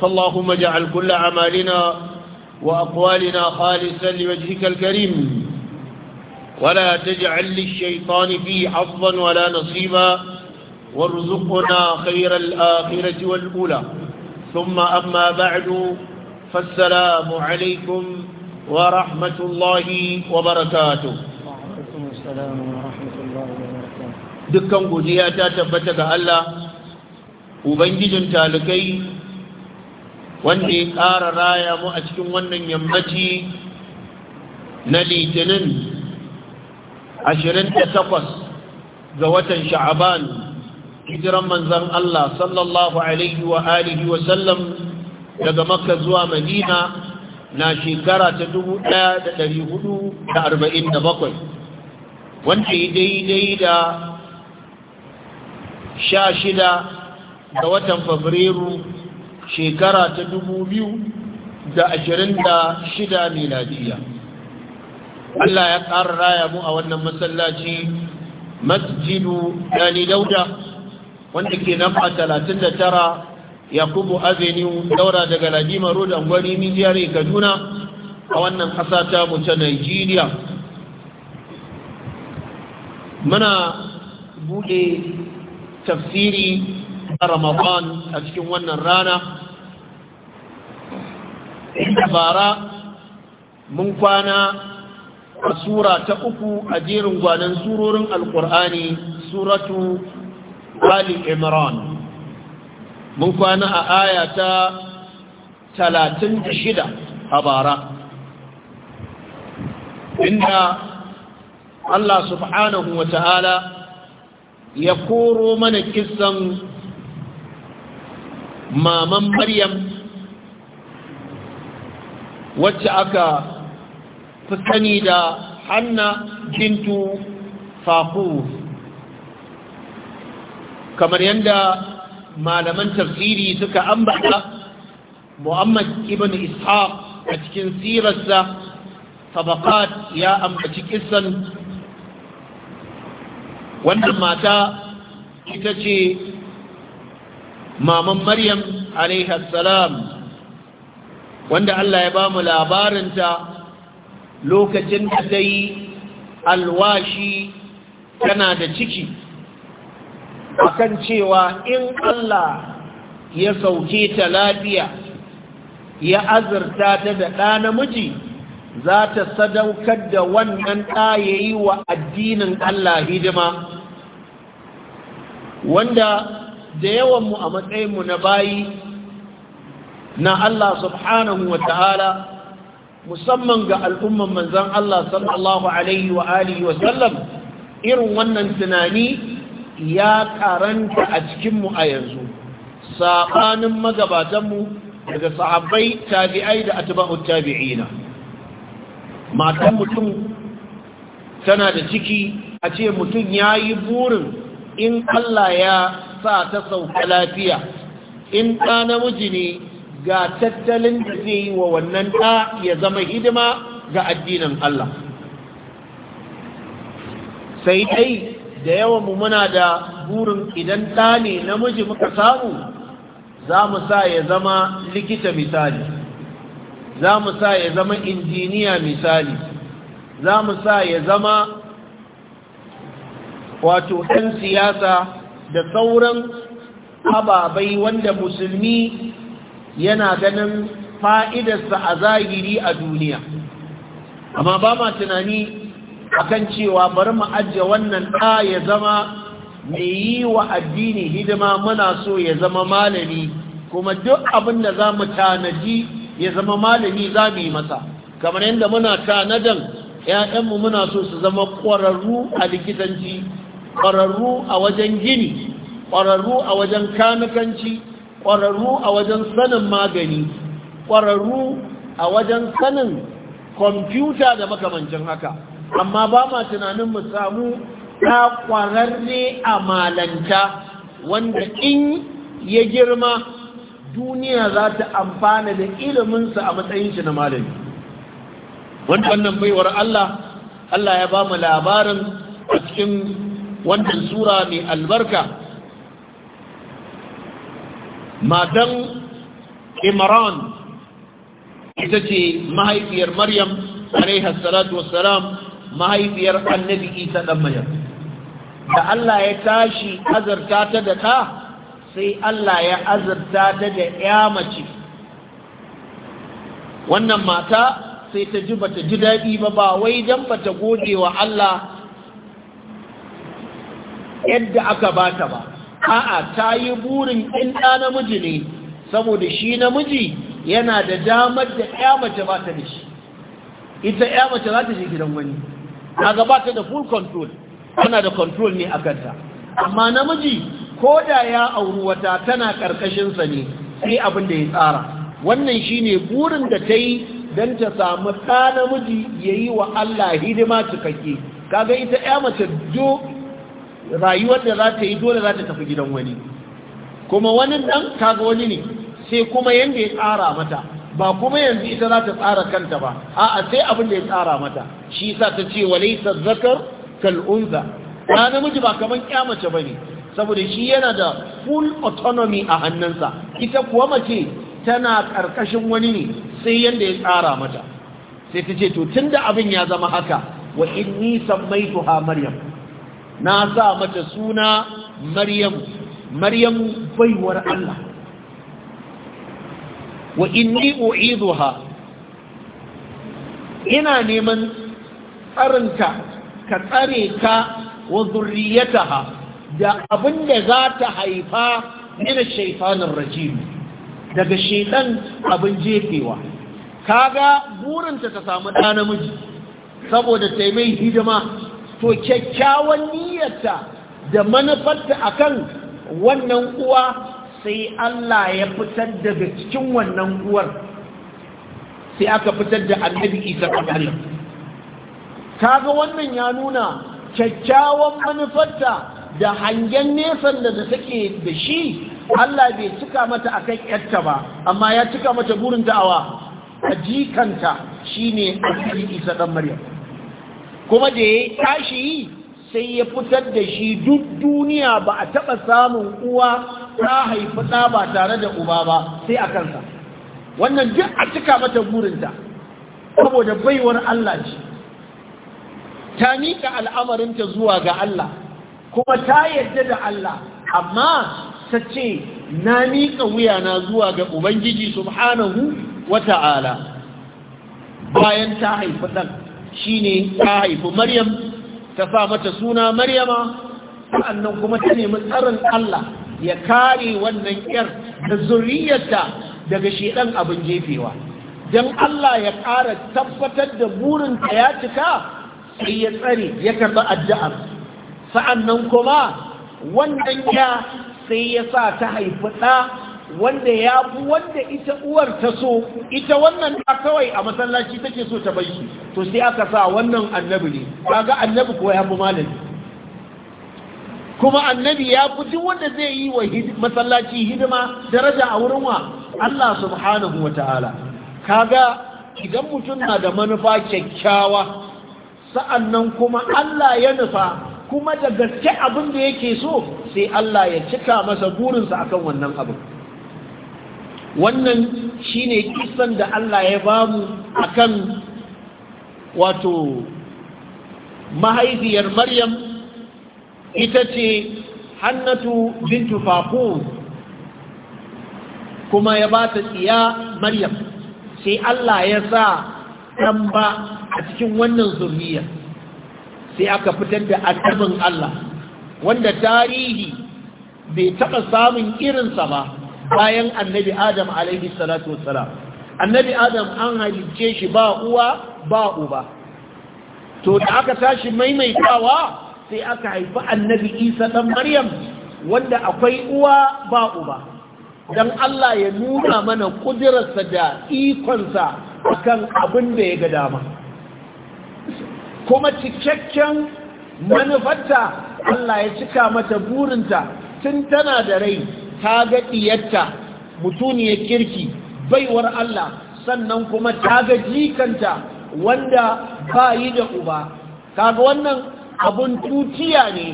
فاللهم اجعل كل أعمالنا وأقوالنا خالصا لوجهك الكريم ولا تجعل للشيطان فيه حظا ولا نصيبا وارزقنا خير الآخرة والأولى ثم أما بعد فالسلام عليكم ورحمة الله وبركاته وعليكم السلام ورحمة الله وبركاته دكا قدياتا تبتك ألا وبنجد تالكي wanda ya ƙara raya mu a cikin wannan yammaci na litinin 28 ga watan sha'aban hijiran manzan Allah sallallahu alaihi wa alihi wa sallam daga makka zuwa madina na shekara ta 1447 wanda ya daidai da sha shida ga watan fabrairu shekara ta dubu biyu da ashirin da shida miladiya Allah ya ƙara raya mu a wannan masallaci masjidu ɗani dauda wanda ke nan a talatin da tara yakubu avenue daura daga ladima road angwani mijiyar kaduna a wannan ƙasa ta mu nigeria muna buɗe tafsiri ramadan a cikin wannan rana bara mun kwana a sura ta uku a jerin gwanon surorin alkur'ani suratu ali imran mun kwana a aya ta talatin da shida a bara inda Allah subhanahu wa ta'ala ya koro mana kisan maman maryam wacce aka fi sani da hanna bintu faku kamar yadda malaman tafsiri suka ambata muhammad ibn ishaq a cikin sirarsa tabaqat ya ambaci kisan wannan mata ita ce maman maryam salam wanda Allah ya ba mu labarinta lokacin da ta yi alwashi tana da ciki akan cewa in Allah ya sauke ta lafiya ya azurta ta da ɗa namiji za ta sadaukar da wannan ɗa ya yi wa addinin Allah hidima wanda da yawanmu a matsayinmu na bayi na Allah subhanahu wa ta'ala musamman ga al'umman manzan Allah sallallahu Alaihi wa alihi wa sallam irin wannan tunani ya karanta a cikinmu a yanzu saɓanin magabatanmu daga sahabbai tabi'ai da atba'ut tabi'ina matan mutum tana da ciki a ce mutum ya yi burin in Allah ya sa ta sauka lafiya in ɗa namiji ne ga tattalin da zai yi wa wannan ɗa ya zama hidima ga addinin Allah sai dai da yawan mu muna da burin idan ɗa ne namiji muka samu za mu sa ya zama likita misali za mu sa ya zama injiniya misali za mu sa ya zama wato ɗan siyasa da sauran ababai wanda musulmi yana ganin fa'idarsa a zahiri a duniya amma ba ma tunani akan cewa bari mu ajiye wannan ɗa ya zama mai yi wa addini hidima muna so ya zama malami kuma duk abin da za mu tanaji ya zama malami za mu yi masa kamar yadda muna tanadan ‘ya'yanmu muna so su zama ƙwararru a likitanci ƙwararru a wajen gini ƙwararru a wajen kanukanci ƙwararru a wajen sanin magani ƙwararru a wajen sanin kwamfuta da makamancin haka amma ba ma tunanin mu samu ta ƙwararre a malanta wanda in ya girma duniya za ta amfana da iliminsa a matsayin shi na malami wannan baiwar Allah Allah ya ba mu labarin a cikin wannan sura mai albarka matan imran ita ce mahaifiyar maryam alaiha salatu wassalam mahaifiyar annabi isa dan maryam da Allah ya tashi azarta ta da ta sai Allah ya azarta ta da ya mace wannan mata sai ta ji bata ji daɗi ba ba wai dan bata gode wa Allah yadda aka bata ba a'a ta yi burin in ɗa namiji ne saboda shi namiji yana da damar da ya mace ba ta da shi ita ya mace za ta shi gidan wani kaga ba ta da full control tana da control ne a kanta amma namiji ko da ya auri wata tana ƙarƙashinsa ne sai abin da ya tsara wannan shi ne burin da ta yi don ta samu ɗa namiji ya yi wa Allah hidima cikakke kaga ita ya mace rayuwar da za ta yi dole za ta tafi gidan wani kuma wani dan kaga wani ne sai kuma yanda ya tsara mata ba kuma yanzu ita za ta tsara kanta ba a'a sai abin da ya tsara mata shi sa ta ce laisa zakar kal unza ba namiji ba kaman kyamace bane saboda shi yana da full autonomy a hannunsa ita kuwa mace tana karkashin wani ne sai yanda ya tsara mata sai ta ce to tunda abin ya zama haka wa inni sammaituha maryam na sa mata suna maryam maryam baiwar Allah wa inni u'idhuha ina neman tsarinta ka tsare ka wa zurriyataha da abinda za ta haifa min shaytanir rajim daga shaytan abin jefewa kaga burinta ta samu ɗa namiji saboda taimai hidima to kyakkyawan niyyarta da manufarta akan wannan uwa sai Allah ya fitar daga cikin wannan uwar sai aka fitar da annabi isa Ta kaga wannan ya nuna kyakkyawan manufarta da hangen nesan da take da shi Allah bai cika mata a kan ‘yarta ba amma ya cika mata burin da'awa a jikanta shi ne annabi isa ɗan maryam kuma da ya tashi yi sai ya fitar da shi duk duniya ba a taɓa samun uwa ta haifi ɗa ba tare da uba ba sai a kansa wannan duk a cika mata burinta saboda baiwar Allah ce ta miƙa al'amarinta zuwa ga Allah kuma ta yarda da Allah amma ta ce na miƙa wuyana zuwa ga Ubangiji subhanahu wa ta'ala bayan ta haifi ɗan shine ta haifi maryam ta sa mata suna maryama sa'annan kuma ta nemi tsarin Allah ya kare wannan yar da zuriyarta daga shedan abin jefewa dan Allah ya ƙara tabbatar da burinta ya cika sai ya tsare ya karɓi addu'ar sa'annan kuma wannan ya sai ya sa ta haifi ɗa wanda ya fi wanda ita uwar ta so ita wannan ta kawai a masallaci take so ta bai shi to sai aka sa wannan annabi ne kaga annabi ko ya fi malami kuma annabi ya fi duk wanda zai yi wa masallaci hidima daraja a wurin wa Allah subhanahu wataala kaga idan mutum na da manufa kyakkyawa sa'annan kuma Allah ya nufa kuma da gaske abin da yake so sai Allah ya cika masa burinsa akan wannan abin wannan shi ne kisan da Allah ya ba bamu akan wato mahaifiyar Maryam ita ce Hannatu bintu Tufafu. kuma ya ba ta tsiya Maryam sai Allah ya sa ɗan ba a cikin wannan zurriya sai aka fitar da annabin Allah wanda tarihi bai taɓa samun irinsa ba bayan annabi adam alaihi salatu wassalam annabi adam an halicce shi ba uwa ba uba to da aka tashi maimaitawa sai aka haifi annabi isa ɗan maryam wanda akwai uwa ba uba dan allah ya nuna mana ƙudurarsa da ikonsa akan abin da ya ga dama kuma cikakken manufarta allah ya cika mata burinta tun tana da rai ta ga mutum mutuniyar kirki baiwar Allah sannan kuma ta ga jikanta wanda ba yi da uba ga wannan abun tutiya ne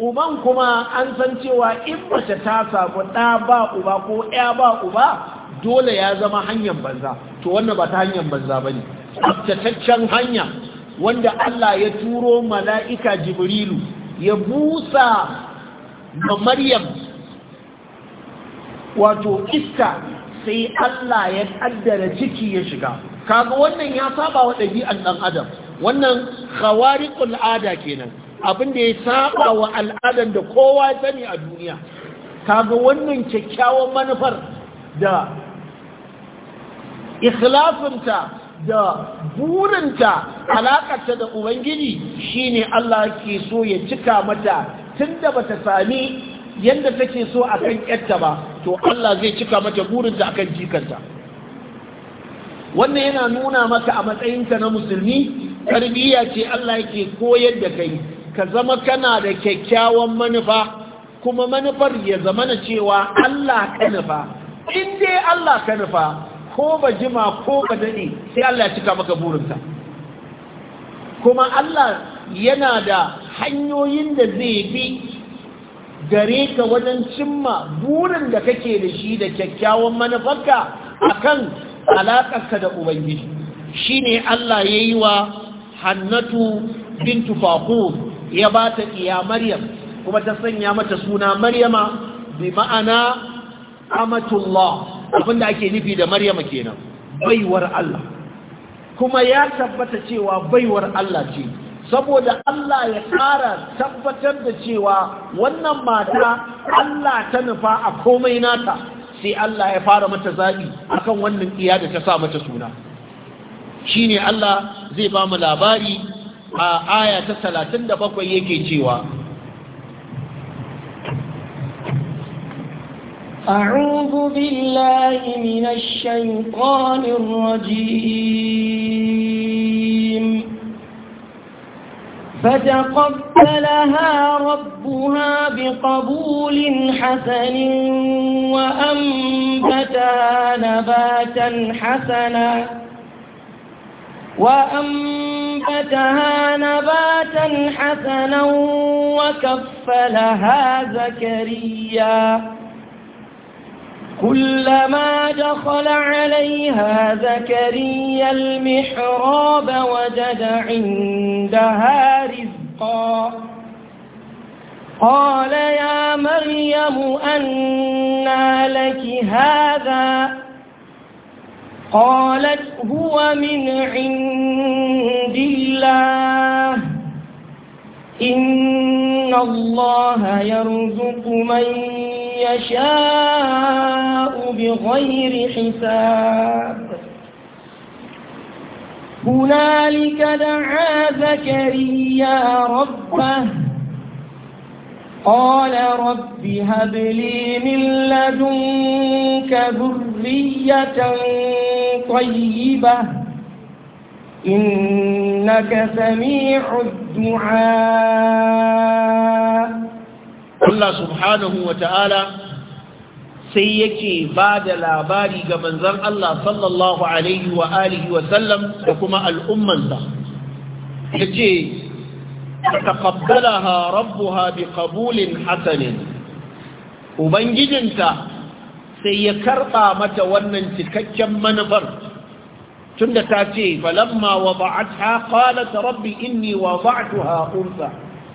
uban kuma an san cewa in mace ta samu ɗa ba uba ko ɗaya ba uba dole ya zama hanyar banza to wannan ba ta hanyar banza ba ne tsaftataccen hanya wanda Allah ya turo mala'ika jibrilu ya busa ga maryam wato iska sai Allah ya kaddara ciki ya shiga kaga wannan ya saba wa ɗabi'an ɗan adam wannan khawariqul ada kenan abin da ya saba wa al'adan da kowa ya sani a duniya kaga wannan kyakkyawan manufar da ikhlasinta da burinta alakarta da ubangiji shine Allah ke so ya cika mata tunda bata sami yadda take so a kan ƴarta ba to Allah zai cika mata burinta a kan jikanta wannan yana nuna maka a matsayinka na musulmi tarbiyya ce Allah yake koyar da kai ka zama kana da kyakkyawan manufa kuma manufar ya zama na cewa Allah ka nufa in dai Allah ka nufa ko ba jima ko ba daɗe sai Allah ya cika maka burinta. kuma Allah yana da hanyoyin da zai bi gare ka wajen cimma burin da kake da shi da kyakkyawan manufarka akan alaƙarka da ubangiji ne Allah ya yi wa hannatu bintu faqur ya ba ta iya maryam kuma ta sanya mata suna maryama bi ma'ana amatullah abinda ake nufi da maryama kenan baiwar Allah kuma ya tabbata cewa baiwar Allah ce saboda Allah ya ƙara tabbatar da cewa wannan mata Allah ta nufa a komai nata sai Allah ya fara mata zaɓi akan wannan iya da ta sa mata suna shine Allah zai ba mu labari a aya ta 37 yake cewa أعوذ بالله من الشيطان الرجيم فتقبلها ربها بقبول حسن وأنبتها نباتا حسنا وأنبتها نباتا حسنا وكفلها زكريا كلما دخل عليها زكريا المحراب وجد عندها قال يا مريم أنا لك هذا قالت هو من عند الله إن الله يرزق من يشاء بغير حساب هنالك دعا زكريا ربه قال رب هب لي من لدنك ذرية طيبة إنك سميع الدعاء الله سبحانه وتعالى sai yake ba da labari ga manzan Allah sallallahu Alaihi wa alihi wa sallam da kuma al'ummanta ya ce taqabbalaha rabbuha bi qabulin hasanin ubangijinta sai ya karɓa mata wannan cikakken manufar tunda ta ce falamma wada'atha qalat rabbi inni wada'tuha unsa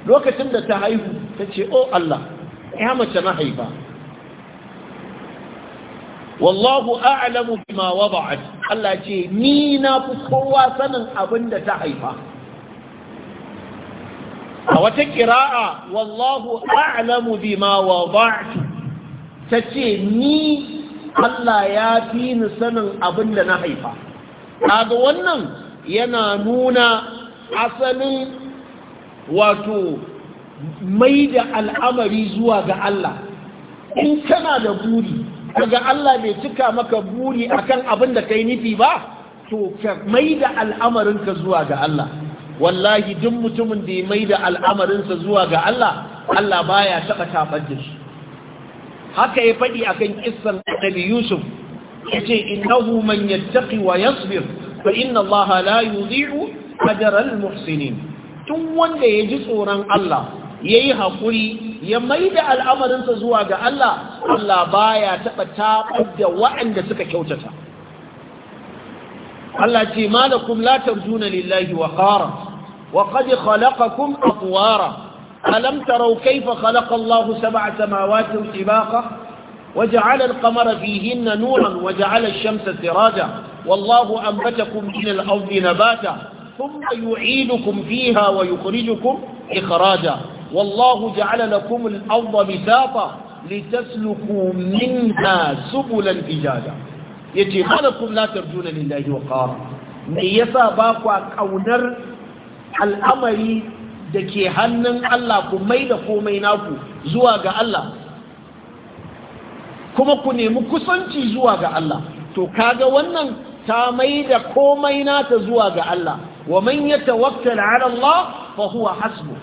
lokacin da ta haihu ta ce oh Allah ya mace na haifa wallahu a'lamu bima wada'at Allah ce ni na fi kowa sanin abin da ta haifa a wata kira'a wallahu a'lamu bima wada'tu tace ni Allah ya fi ni sanin abin da na haifa kaga wannan yana nuna asalin wato mai da al'amari zuwa ga Allah in kana da buri kaga Allah bai cika maka buri akan abin da kai nufi ba to ka maida al'amarinka zuwa ga Allah wallahi duk mutumin da ya maida al'amarinsa zuwa ga Allah Allah baya taba tabar da shi haka ya faɗi akan kissan Annabi Yusuf yace innahu man yattaqi wa yasbir fa inna Allah la yudhi'u ajra al-muhsinin tun wanda ya ji tsoron Allah ya yi haƙuri ya mai da al'amarinsa zuwa ga Allah Allah baya taɓa taɓar da wa’anda suka kyautata Allah ce malakum la tarjuna lillahi wa qara wa qad khalaqakum atwara alam taraw kayfa khalaqa Allah sab'a samawati tibaqa وجعل القمر فيهن نورا وجعل الشمس سراجا والله أنبتكم من الأرض نباتا ثم يعيدكم فيها ويخرجكم إخراجا والله جعل لكم الأرض بساطة لتسلكوا منها سبلا إجادة يجي ما لكم لا ترجون لله وقارا ميسا باقوا كونر الأمر دكي هنن الله كميدا كوميناكو زواج الله kuma ku nemi kusanci zuwa ga Allah to kaga wannan ta mai da komai nata zuwa ga Allah wa man yatawakkal ala Allah fa huwa hasbuh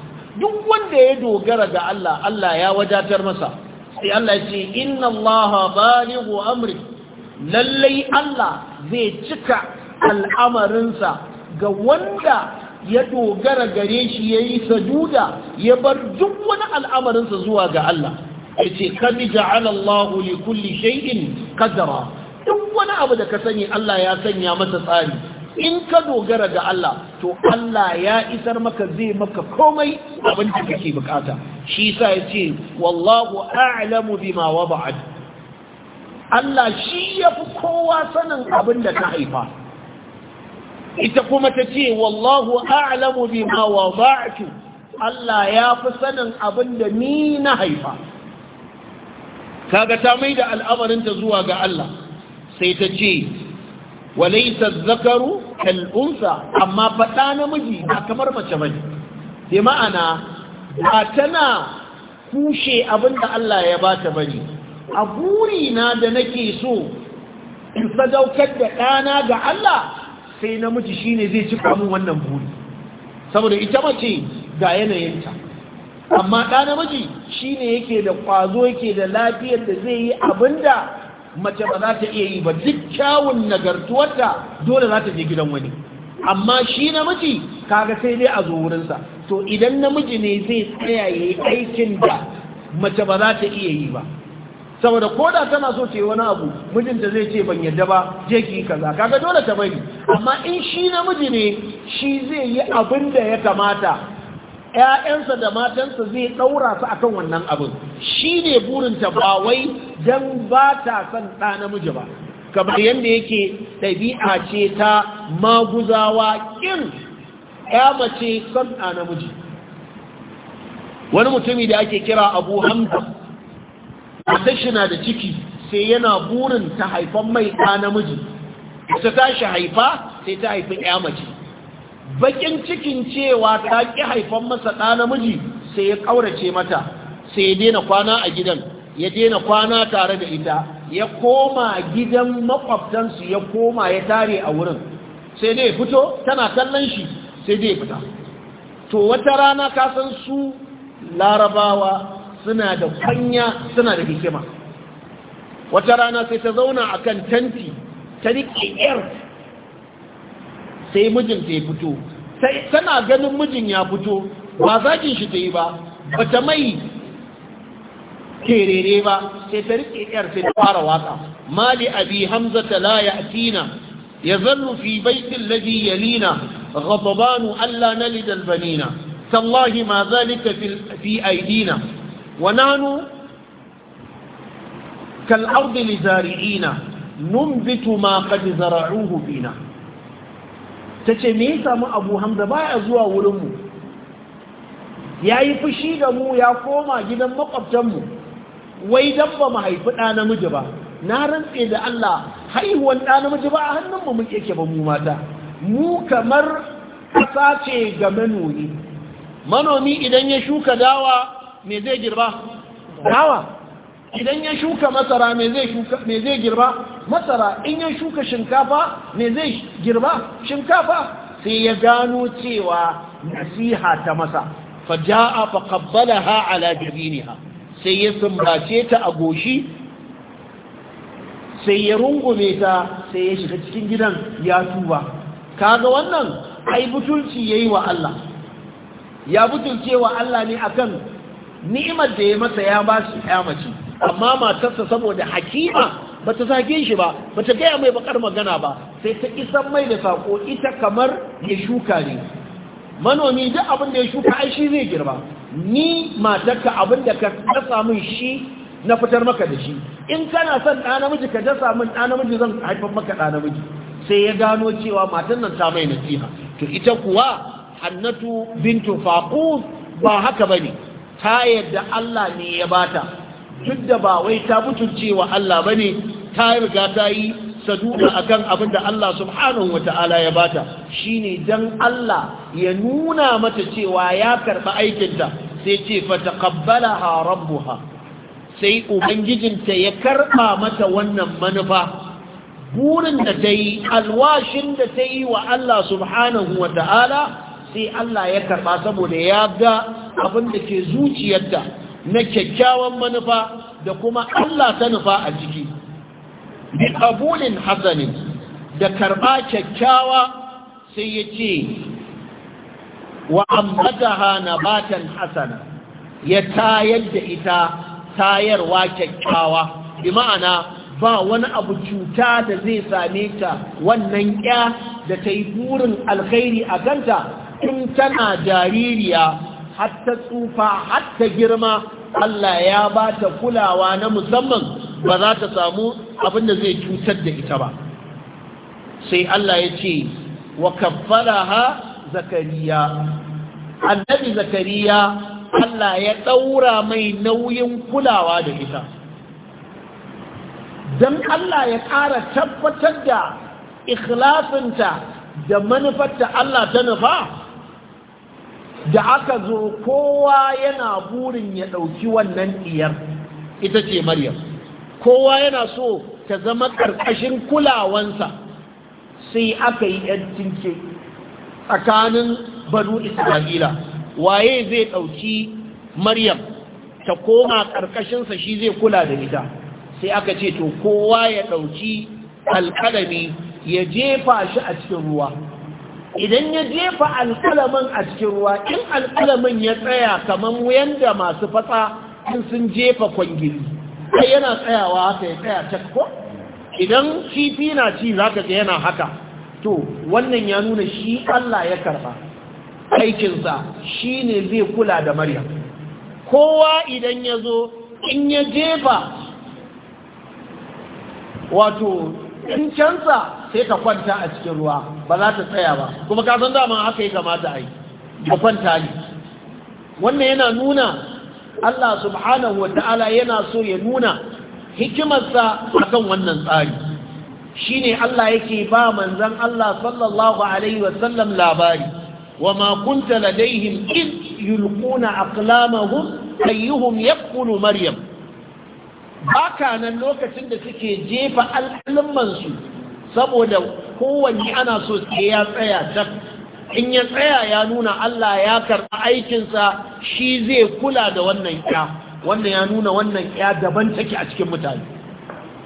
duk wanda ya dogara ga Allah Allah ya wadatar masa sai Allah ce inna Allah balighu amri lallai Allah zai cika al'amarinsa ga wanda ya dogara gare shi yayi sajuda ya bar duk wani al'amarinsa zuwa ga Allah yace kad ja'ala Allah li kulli shay'in qadara duk wani abu da ka sani Allah ya sanya masa tsari in ka dogara ga Allah to Allah ya isar maka zai maka komai abin da kake bukata shi yasa yace wallahu a'lamu bima wada'at Allah shi yafi kowa sanin abin da ka haifa ita kuma tace wallahu a'lamu bima wada'tu Allah ya fi sanin abin da ni na haifa kaga ta maida al'amarin ta zuwa ga Allah sai ta ce walaisa zakaru kal'unsa amma faɗa namiji ba kamar mace bane sai ma'ana ba tana kushe abinda Allah ya bata bane a burina da nake so in sadaukar da ɗana ga Allah sai namiji shine zai cika mun wannan buri saboda ita mace ga yanayinta amma ɗa namiji shine yake da ƙwazo yake da lafiyar da zai yi abinda mace ba za ta iya yi ba duk kyawun nagartuwarta dole za ta je gidan wani amma shi namiji kaga sai dai a zo wurinsa to idan namiji ne zai tsaya ya yi aikin da mace ba za ta iya yi ba saboda ko da tana so ta yi wani abu mijinta zai ce ban yadda ba je ki kaza kaga dole ta bari amma in shi namiji ne shi zai yi abin da ya kamata ƴaƴansa da matansa zai ɗaura su akan wannan abin shi ne burinta ba wai don ba ta son ɗa namiji ba kamar yadda yake ɗabi'a ce ta maguzawa ƙin ya mace son ɗa namiji wani mutumi da ake kira abu hamza a shi na da ciki sai yana burin ta haifan mai ɗa namiji ta tashi haifa sai ta haifi ya mace bakin cikin cewa ta ƙi haifan masa ɗa namiji sai ya ƙaurace mata sai ya daina kwana a gidan ya daina kwana tare da ita ya koma gidan makwabtansu ya koma ya tare a wurin sai dai fito tana kallon shi sai dai fita to wata rana kasan su larabawa suna da kwanya suna da hikima wata rana sai ta zauna a kan tanti ta riƙe yar sai mijinta ya fito tana ganin mijin ya fito ba zaƙin shi ta yi ba ba ta mai kerere ba sai ta rike yar sai ta fara waka mali abi hamzata la ya'tina yazallu fi baiti alladhi yalina ghadban alla nalid albanina tallahi ma zalika fi fi aidina wa nahnu kal ardi lizari'ina numbitu ma qad zara'uhu tace me ya samu abu hamza baya zuwa wurin mu yayi fushi da mu ya koma gidan makwabtan mu wai dabba ba mu haifi ɗa namiji ba na rantse da Allah haihuwan ɗa namiji ba a hannun mu muke yake ba mu mata mu kamar ƙasa ce ga manomi manomi idan ya shuka dawa me zai girba dawa idan ya shuka masara me zai shuka me zai girba masara in ya shuka shinkafa me zai girba shinkafa sai ya gano cewa nasiha ta masa faja'a faqabbalaha ala jabiniha sai ya sumbace ta a goshi sai ya rungume ta sai ya shiga cikin gidan ya tuba kaga wannan ai butulci yayi wa Allah ya butulce wa Allah ne akan ni'imar da ya masa ya ba shi ya mace amma matarsa saboda hakima bata sake shi ba bata gaya mai bakar magana ba sai ta isan mai da sako ita kamar ya shuka ne manomi duk abin da ya shuka aishi shi zai girba ni matarka abin da ka dasa min shi na fitar maka da shi in kana son ɗa namiji ka dasa min ɗa namiji zan haifar maka ɗa namiji sai ya gano cewa matan nan ta mai nasiha to ita kuwa hannatu bintu faqus ba haka bane ta yadda Allah ne ya bata duk da ba wai ta mutuncewa Allah bane ta riga ta yi saduda akan abin da Allah subhanahu wata'ala ya bata shine dan Allah ya nuna mata cewa ya karba aikinta sai ce kabbala rabbuha sai ubangijinta ya karba mata wannan manufa burin da tayi alwashin da tayi wa Allah subhanahu wata'ala sai Allah ya karba saboda ya ga abin da ke zuciyarta na kyakkyawan manufa da kuma Allah ta nufa a jiki bi qabulin hasanin da karɓa kyakkyawa sai yace wa hana batan hasana ya tayar da ita tayarwa kyakkyawa bi ma'ana ba wani abu cuta da zai same ta wannan ya da ta yi burin alkhairi a kanta tun tana jaririya har ta tsufa har ta girma Allah ya ba ta kulawa na musamman ba za ta samu abin da zai cutar da ita ba sai Allah ya ce wa ha zakariya annabi zakariya Allah ya ɗaura mai nauyin kulawa da ita don Allah ya ƙara tabbatar da ikhlasinta da manufarta Allah ta nufa da aka zo kowa yana burin ya ɗauki wannan ɗiyar ita ce maryam kowa yana so ta zama ƙarƙashin kulawansa sai aka yi yancince tsakanin banu isra'ila waye zai ɗauki maryam ta koma ƙarƙashinsa shi zai kula da ita sai aka ce to kowa ya ɗauki alƙalami ya jefa shi a cikin ruwa idan ya jefa alƙalamin a cikin ruwa in alƙalamin ya tsaya kamar da masu fasa in sun jefa kwangili ai yana tsayawa haka ya tsaya cak ko idan kifi na ci zaka ga yana haka to wannan ya nuna shi Allah ya karba aikinsa shine zai kula da Maryam kowa idan ya zo in ya jefa wato in cansa sai ka kwanta a cikin ruwa ba za ta tsaya ba kuma ka san dama haka ya kamata a yi ka kwanta ne wannan yana nuna Allah subhanahu wa ta'ala yana so ya nuna hikimarsa akan wannan tsari Shi ne Allah yake ba manzon Allah sallallahu alaihi wa sallam labari wama kunta ladaihim id yulquna aqlamahum ayyuhum yaqulu maryam baka nan lokacin da suke jefa al'alimansu saboda kowanne ana so sai ya tsaya tak in ya tsaya ya nuna Allah ya karɓi aikinsa shi zai kula da wannan ya wannan ya nuna wannan ya daban take a cikin mutane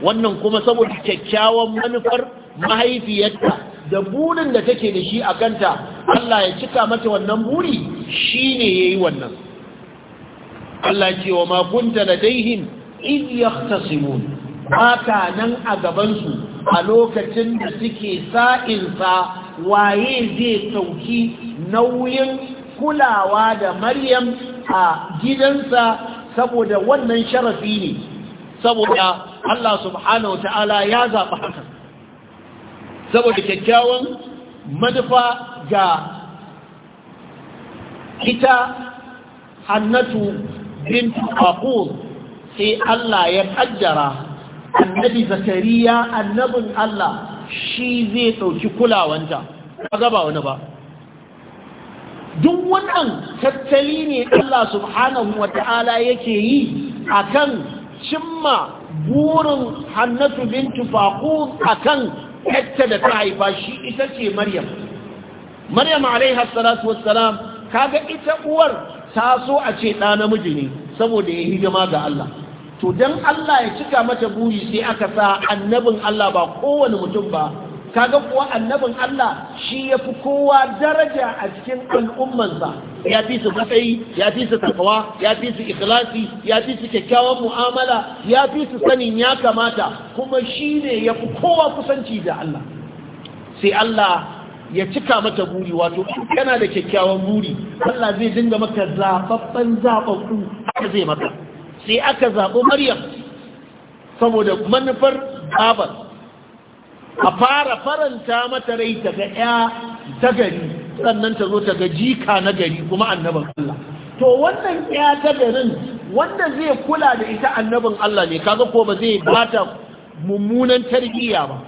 wannan kuma saboda kyakkyawan manufar mahaifiyarta da burin da take da shi a kanta Allah ya cika mata wannan buri shi ne ya yi wannan Allah ce wa makunta da daihin in ya tasimun nan a gabansu a lokacin da suke sa'insa waye zai sauki nauyin kulawa da maryam a gidansa saboda wannan sharafi ne saboda Allah subhanahu wa ta'ala ya zaɓi haka saboda kyakkyawan manufa ga ita hannatu bintu aqul sai Allah ya kaddara annabi zakariya annabin Allah shi zai ɗauki kulawanta ga ba wani ba duk wannan tattali ne Allah subhanahu wa ta'ala yake yi akan cimma burin hannatu bintu a akan yadda da ta haifa shi ita ce maryam maryam alaiha wassalam kaga ita uwar taso a ce ɗa namiji ne saboda ya hidima ga Allah to dan Allah ya cika mata buri sai aka sa annabin Allah ba kowane mutum ba kaga kuwa annabin Allah shi yafi kowa daraja a cikin al'ummansa ya fi su matsayi ya fi su takawa ya fi su ikhlasi ya fi su kyakkyawan mu'amala ya fi su sanin ya kamata kuma shi ne ya kowa kusanci da Allah sai Allah ya cika mata buri wato yana da kyakkyawan buri Allah zai dinga maka zababban zababbu haka zai maka sai aka zaɓi maryam saboda manufar babar a fara faranta mata rai ta ga ya ta gari sannan ta zo ta ga jika na gari kuma annabin Allah to wannan ya ta garin wanda zai kula da ita annabin Allah ne kaga ko ba zai bata mummunan tarbiyya ba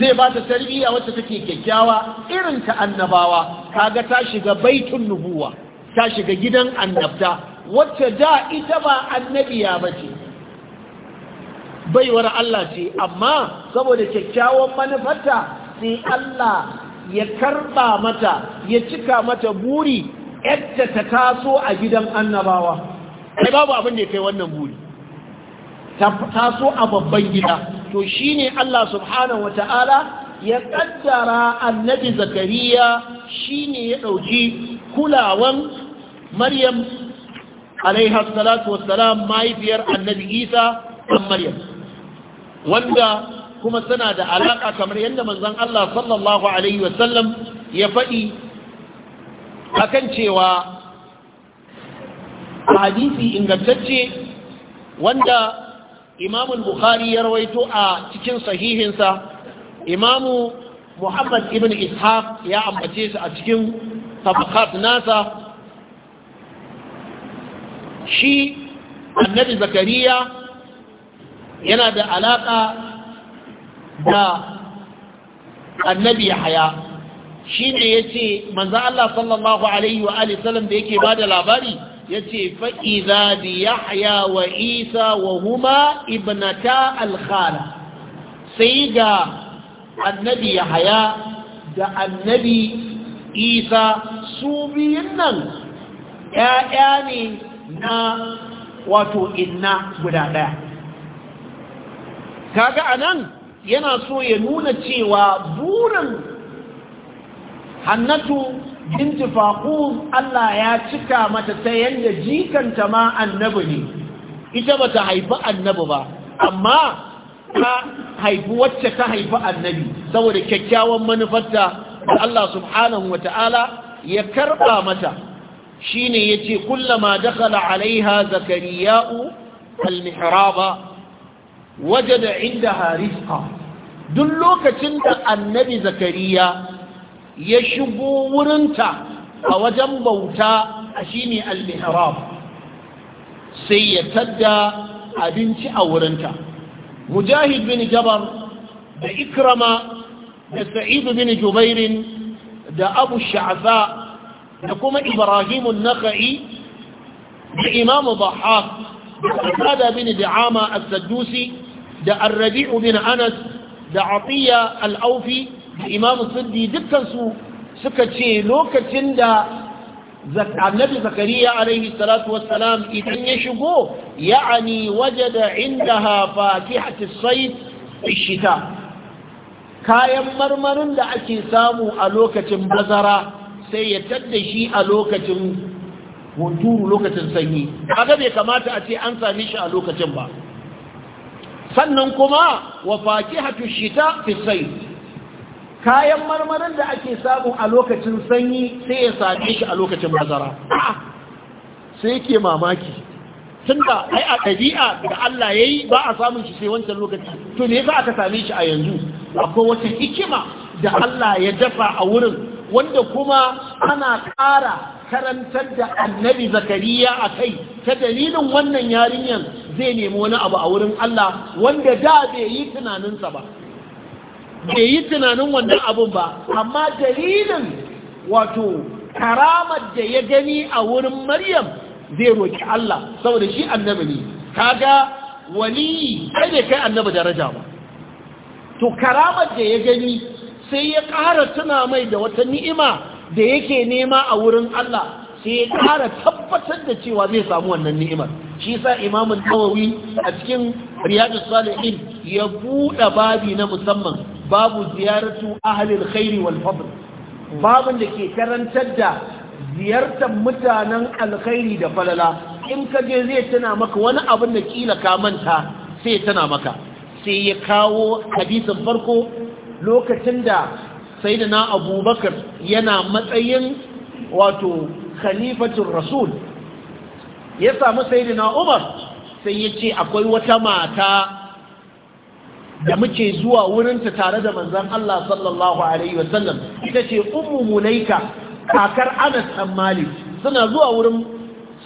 zai bata tarbiyya wacce take kyakkyawa irin ta annabawa kaga ta shiga baitun nubuwa ta shiga gidan annabta wacce da ita ba annabiya ba ce baiwar Allah ce amma saboda kyakkyawan manufarta sai Allah ya karba mata ya cika mata buri yadda ta taso a gidan annabawa sai babu abin da ya kai wannan buri ta taso a babban gida to shine Allah subhanahu wata'ala ya kaddara annabi zakariya shine ya dauki kulawan maryam alaiha salatu wassalam mahaifiyar annabi isa maryam wanda kuma suna da alaƙa kamar yadda manzon Allah sallallahu alaihi wasallam ya faɗi akan cewa hadisi ingantacce wanda imamu bukhari ya rawaito a cikin sahihinsa imamu muhammad ibn ishaq ya ambace shi a cikin tabakat nasa shi annabi zakariya yana da alaƙa da annabi haya shi ne ya ce manzan Allah sallallahu Alaihi wa Alisalam da yake ba da labari ya ce fa'iza da yahya wa isa wa huma ibnata alkhala sai ga annabi yahya da annabi isa su biyun nan ‘ya'ya ne na wato inna guda ɗaya kaga anan yana so ya nuna cewa burin hannatu binti faqum Allah ya cika mata ta yanda jikanta ma annabi ne ita bata haifi annabi ba amma ta haifi wacce ta haifi annabi saboda kyakkyawan manufarta da Allah subhanahu wataala ya karba mata shine yace kullama dakhala alaiha zakariya'u al-mihraba da inda rizqa duk lokacin da annabi zakariya ya shigo wurinta a wajen bauta a shine ne Almihraba. sai ya tadda abinci a wurinta mujahid bin jabar da ikrama da Sa'idu bin jubairin da abu sha'fa da kuma ibrahimu naka'i da imamu Baha da kada bin Ama al-saddusi da arrabi'u bin anas da Afiya al-aufi da imamu siddi dukkansu suka ce lokacin da annabi zakariya alaihi salatu wassalam idan ya shigo ya'ani wajada indaha fatihatu sayf shita kayan marmarin da ake samu a lokacin bazara sai ya tadda shi a lokacin hunturu lokacin sanyi kaga bai kamata a ce an same shi a lokacin ba sannan kuma wa fakihatu shita fi sayf kayan marmarin da ake samu a lokacin sanyi sai ya same shi a lokacin bazara sai yake mamaki tunda ai a dabi'a da Allah yayi ba a samun shi sai wancan lokaci to me yasa aka same shi a yanzu akwai wata hikima da Allah ya dafa a wurin wanda kuma ana ƙara karantar da annabi zakariya a kai ta dalilin wannan yarinyar zai nemi wani abu a wurin Allah wanda da bai yi tunaninsa ba bai yi tunanin wannan abun ba amma dalilin wato karamar da ya gani a wurin maryam zai roƙi Allah saboda shi annabi ne kaga wali sai da kai annabi daraja ba to karamar da ya gani sai ya ƙara tuna mai da wata ni'ima da yake nema a wurin Allah sai ya ƙara tabbatar da cewa zai samu wannan ni'imar shi sa imamun nawawi a cikin riyadu salihin ya buɗe babi na musamman babu ziyaratu ahalin khairi wal fadl babin da ke karantar da ziyartar mutanen alkhairi da falala in ka je zai tana maka wani abin da kila ka manta sai tana maka sai ya kawo hadisin farko lokacin da sayyidina abubakar yana matsayin wato khalifatun rasul ya samu sayyidina umar sai ya ce akwai wata mata da muke zuwa wurinta tare da manzan Allah sallallahu alaihi wasallam ita ce ummu mulaika kakar Anas dan Malik suna zuwa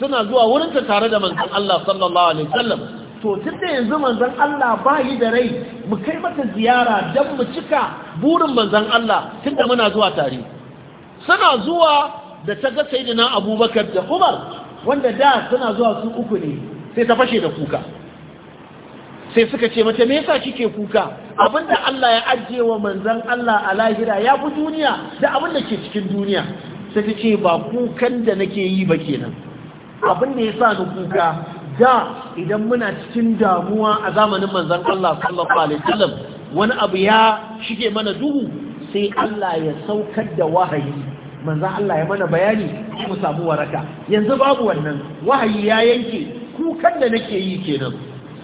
suna zuwa wurinta tare da manzan Allah sallallahu alaihi wasallam to tun da yanzu manzan Allah ba yi da rai mu kai mata ziyara don mu cika burin manzan Allah tun da muna zuwa tare suna zuwa da ta ga sai abubakar da umar wanda da suna zuwa su uku ne sai ta fashe da kuka sai suka ce mata me yasa kike kuka abinda Allah ya ajiye wa manzan Allah a lahira ya bu duniya da da ke cikin duniya sai ta ce ba kukan da nake yi ba kenan abin da ya sa ni kuka da idan muna cikin damuwa a zamanin manzan Allah sallallahu alaihi wasallam wani abu ya shige mana duhu sai Allah ya saukar da wahayi manzan Allah ya mana bayani mu samu waraka yanzu babu wannan wahayi ya yanke kukan da nake yi kenan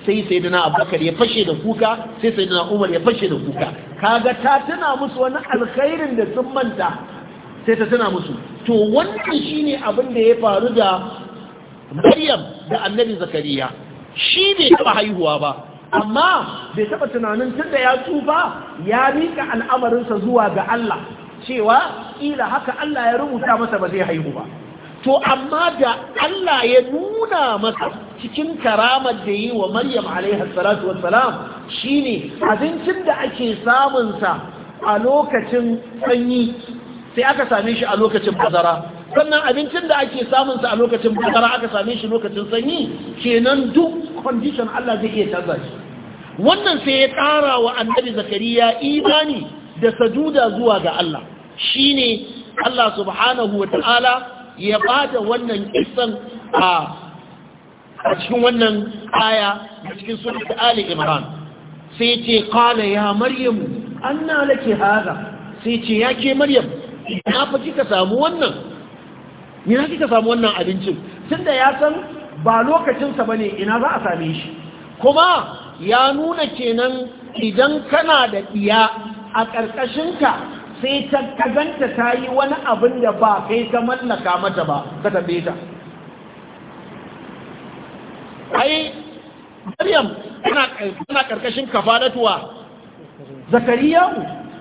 sai dana Abubakar ya fashe da kuka sai dana Umar ya fashe da kuka kaga ta tana musu wani alkhairin da sun manta sai ta tana musu to wannan shine abin da ya faru da maryam da annabi zakariya shi bai taba haihuwa ba amma bai taba tunanin tunda ya tsufa ya rika al'amarinsa zuwa ga Allah cewa ila haka Allah ya rubuta masa ba zai haihu ba to amma da Allah ya nuna masa cikin karamar da yi wa maryam alaihi salatu wassalam shine abincin da ake samunsa a lokacin sanyi sai aka same shi a lokacin bazara sannan abincin da ake samun sa a lokacin bazara aka same shi lokacin sanyi kenan duk condition Allah zai iya canza shi wannan sai ya ƙara wa annabi zakariya imani da sajuda zuwa ga Allah shine Allah subhanahu wata'ala ya bada wannan kisan a cikin wannan aya da cikin sunan Ali Imran sai ce qala ya maryam anna laki hada sai ce yake maryam na fa kika samu wannan ina kika samu wannan abincin tunda ya san ba lokacinsa ba ne ina za a same shi kuma ya nuna kenan idan kana da ɗiya a ƙarƙashinka sai ta kaganta ta yi wani abin da ba kai ka mallaka mata ba ka taɓe ta ai maryam tana ƙarƙashin zakari zakariya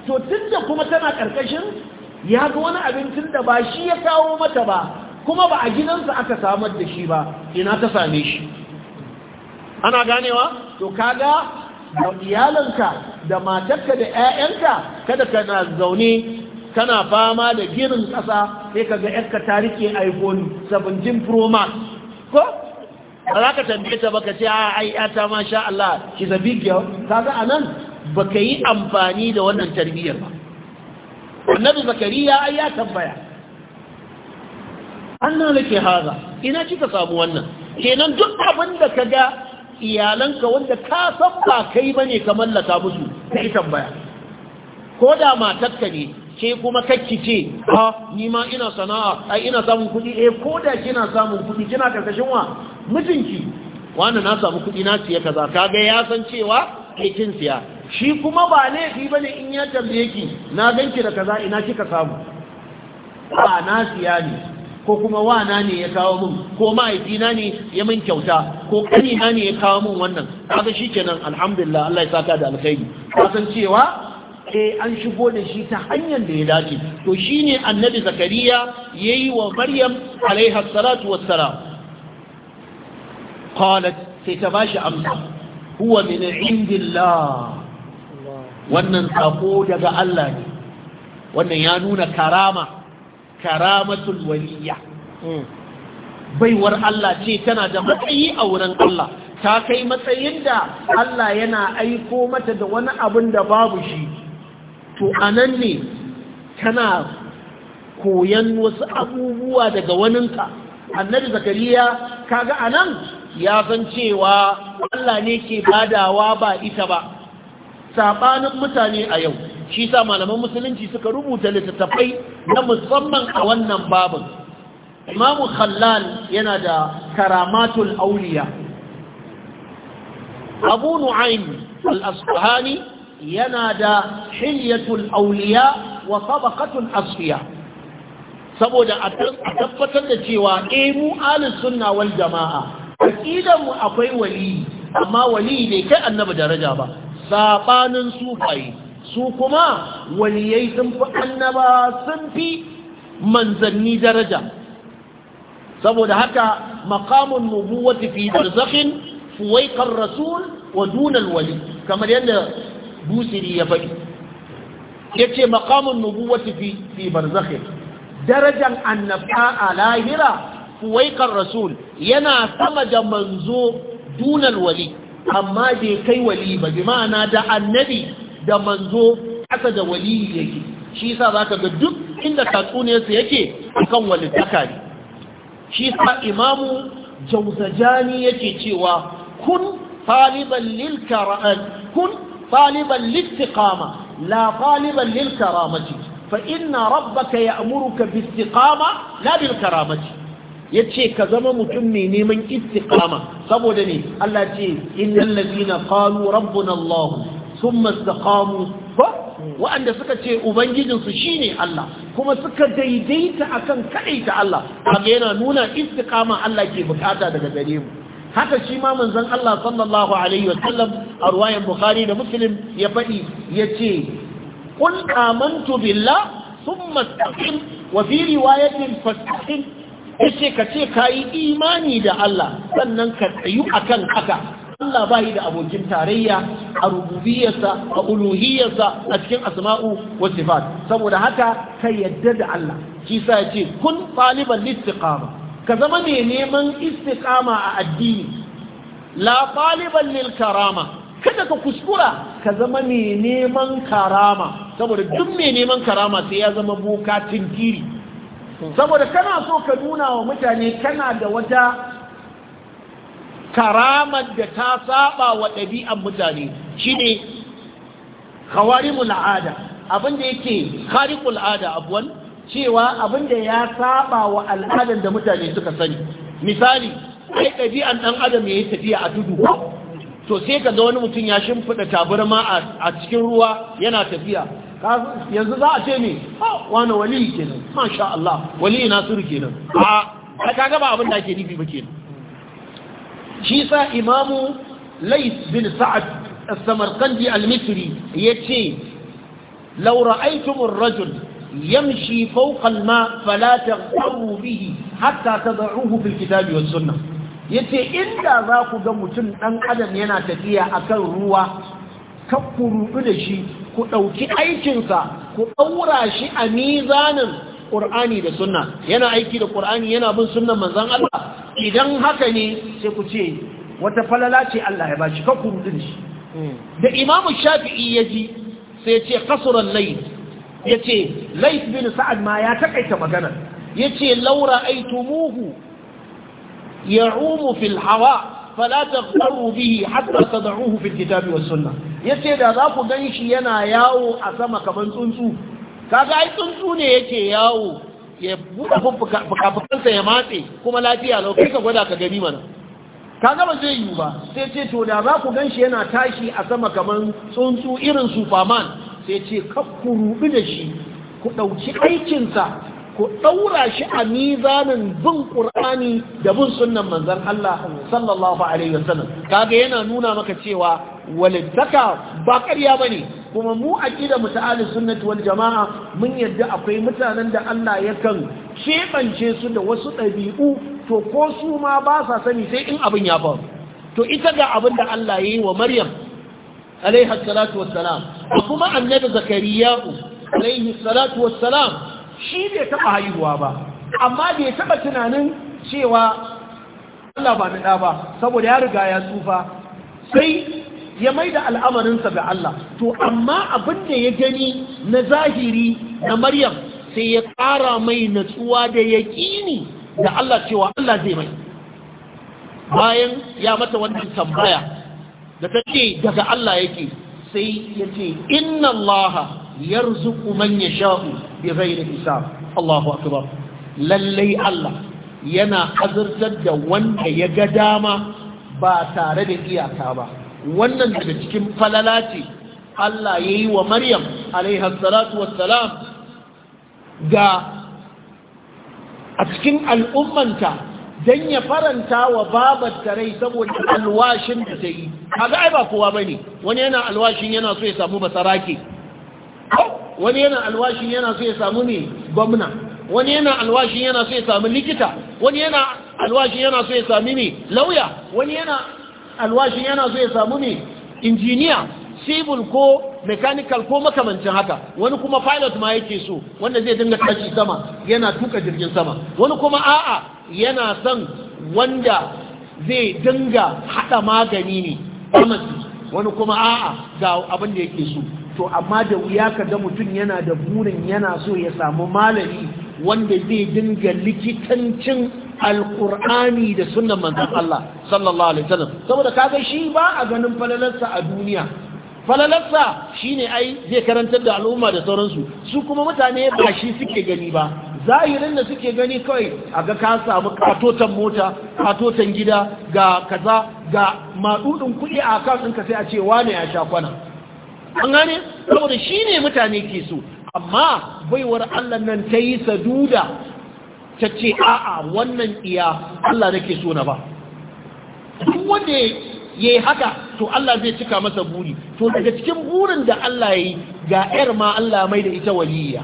to tun kuma tana ƙarƙashin ya ga wani abincin da ba shi ya kawo mata ba kuma ba a gidansa aka samar da shi ba ina ta same shi ana ganewa to kaga da iyalanka da matarka da 'ya'yanka kada ka na zaune kana fama da girin ƙasa sai ka ga ‘yarka ta rike iphone 17 pro max ko? ba za ka tambaye ta baka ce a ayyata ma sha Allah ki zabi giyar ta ga anan ba ka yi amfani da wannan tarbiyyar ba annabi zakariya ai ya tambaya anna nake haza ina kika samu wannan kenan duk abin da ka ga iyalanka wanda ka san ba kai bane ka mallaka musu kai tambaya ko da matarka ne ke kuma kakki ce ha ni ma ina sana'a ai ina samun kuɗi eh ko da kina samun kuɗi kina karkashin wa mijinki wani na samu kuɗi na siya kaza kaga ya san cewa kai kin siya shi kuma ba laifi ba ne in ya tambaye ki na ganki da kaza ina kika samu ba na siya ne ko kuma wana ne ya kawo mun? ko mahaifina ne ya min kyauta ko kanina ne ya kawo min wannan kaga kenan alhamdulillah Allah ya saka da alkhairi kasan cewa eh an shigo da shi ta hanyar da ya dace to shine annabi zakariya yayi wa maryam alaiha salatu wassalam qalat sai ta bashi amsa huwa min indillah wannan sako daga Allah ne wannan ya nuna karama karamatul waliya hmm. baiwar Allah ce tana da matsayi a wurin Allah ta kai matsayin da Allah yana aiko mata da wani abin da babu shi to anan ne tana koyan wasu abubuwa daga waninka annabi zakariya kaga anan ya san cewa Allah ne ke badawa ba ita ba saɓanin mutane a yau shi sa malaman musulunci suka rubuta littattafai na musamman a wannan babin imamu khallal yana da karamatul auliya abu nu'aym al-asfahani yana da hilyatul auliya wa tabaqatul asfiya saboda a tabbatar da cewa eh mu ahlus sunna wal jama'a aqidan mu akwai wali amma wali ne kai annabi daraja ba saɓanin sufaye su kuma waliyai sun fi annaba sun fi manzanni daraja saboda haka makamun nubuwati fi barzakhin fuwaikar rasul wa dunan wali kamar yadda busiri ya faɗi ya ce makamun nubuwati fi barzakhin darajan annabta a lahira fuwaikar rasul yana sama da manzo dunan wali amma bai kai wali ba bi ma'ana da annabi da manzo aka da wali yake shi yasa zaka ga duk inda tatsuniyarsa yake akan walittaka ne shi sa imamu jauzajani yake cewa kun taliban lil kara'an eh, kun taliban littiqama la taliban lil karamati fa inna rabbaka ya'muruka bistiqama la bil karamati ya ce ka zama mutum mai neman istiqama saboda ne Allah ce innal ladina qalu rabbuna Allah thumma istaqamu ba wa'anda suka ce ubangijinsu shine Allah kuma suka daidaita akan ta Allah kaga yana nuna istiqama Allah ke bukata daga gare mu haka shi ma manzon Allah sallallahu alaihi wasallam a ruwayan Bukhari da Muslim ya faɗi yace qul amantu billah thumma istaqim wa fi riwayatin yace ka ce kayi imani da Allah sannan ka tsayu akan haka Allah bai da abokin tarayya a rububiyarsa a uluhiyarsa a cikin asma'u wa sifat saboda haka ka yadda da Allah shi sa yace kun taliban istiqama ka zama mai neman istiqama a addini la taliban lil karama kada ka kuskura ka zama mai neman karama saboda duk mai neman karama sai ya zama boka tinkiri saboda kana so ka nuna wa mutane kana da wata karamar da ta saba wa ɗabi'an mutane shine khawarimul ada abinda yake khariqul al'ada abuwan cewa abinda ya saba wa al'adar da mutane suka sani misali ai ɗabi'an ɗan adam ya yi tafiya a tudu to sai ka ga wani mutum ya shimfiɗa tabarma a cikin ruwa yana tafiya yanzu za a ce ne wani wali kenan masha Allah wali nasiru kenan a ka gaba abin da ake nufi ba ke shi sa imamu lais bin sa'ad as-samarqandi al-misri yace ce, ra'aytum ar-rajul yamshi fawqa al-ma fala taghru bihi hatta tad'uhu fil kitabi was Ya yace inda za ku ga mutum ɗan adam yana tafiya akan ruwa kakku rubu da shi ku ɗauki aikinsa ku ɗaura shi a mizanin ƙur'ani da sunna yana aiki da ƙur'ani yana bin sunnan manzan Allah idan haka ne sai ku ce wata falala ce Allah ya bashi kakku rudin shi da imamu shafi'i ya ji sai ce kasuran lait ya ce lait bin sa'ad ma ya takaita magana ya ce laura aitumuhu ya rumu fil hawa فلا تغتروا به حتى تضعوه في الكتاب والسنه yace da za ku ganshi yana yawo a sama kaman tsuntsu kaga ai tsuntsu ne yake yawo ya buɗe fukafukansa ya matse kuma lafiya lau kai ka gwada ka gani mana kaga ba zai yi ba sai ce to da za ku ganshi yana tashi a sama kaman tsuntsu irin superman sai ce kakku rubi da shi ku ɗauki aikinsa ku ɗaura shi a mizanin bin ƙur'ani da bin sunan manzan Allah sallallahu alaihi kaga yana nuna maka cewa waletaka ba ƙarya bane kuma mu aqida mu ta'ali sunnati wal jama'a mun yadda akwai mutanen da Allah yakan shebance su da wasu ɗabi'u to ko su ma ba sa sani sai in abin ya faru to ita ga abin da Allah ya yi wa Maryam alaiha salatu wassalam kuma annabi Zakariya alaihi salatu wassalam shi bai taɓa haihuwa ba amma bai taɓa tunanin cewa Allah ba na ba saboda ya riga ya tsufa sai ya mai da al'amarinsa ga Allah to amma abin da ya gani na zahiri na Maryam sai ya ƙara mai natsuwa da yaƙini da Allah cewa Allah zai mai bayan ya mata wannan tambaya da ce daga Allah yake sai yace ce inna yarzuqu man yasha'u bighairi hisab Allahu akbar lallai Allah yana azurtar da wanda ya ga dama ba tare da iyaka ba wannan daga cikin falala ce Allah ya yi wa Maryam alaiha salatu wassalam ga a cikin al'ummanta don ya faranta wa babar tarai saboda alwashin da ta yi a ga ba kowa ba ne wani yana alwashin yana so ya samu basarake wani yana alwashin yana so ya samu ne gwamna wani yana alwashin yana so ya samu likita wani yana alwashin yana so ya samu ne lauya wani yana alwashin yana so ya samu ne injiniya civil ko mechanical ko makamancin haka wani kuma pilot ma yake so wanda zai dinga tashi sama yana tuka jirgin sama wani kuma a'a yana son wanda zai dinga hada magani ne wani kuma a'a ga abin da yake so to amma da wuya ka ga mutum yana da burin yana so ya samu malami wanda zai dinga likitancin alkur'ani da sunan manzan Allah sallallahu alaihi wasallam saboda kaga shi ba a ganin falalarsa a duniya falalarsa shine ai zai karantar da al'umma da sauransu su kuma mutane ba shi suke gani ba zahirin da suke gani kawai a ga ka samu katotan mota katotan gida ga kaza ga maɗuɗin kuɗi a kan ɗinka sai a ce wane ya sha kwana an gane saboda shi ne mutane ke so amma baiwar Allah nan ta yi saduda ta ce a'a wannan iya Allah ke so na ba duk wanda ya yi haka to Allah zai cika masa buri to daga cikin burin da Allah ya yi ga 'yar ma Allah mai da ita waliyya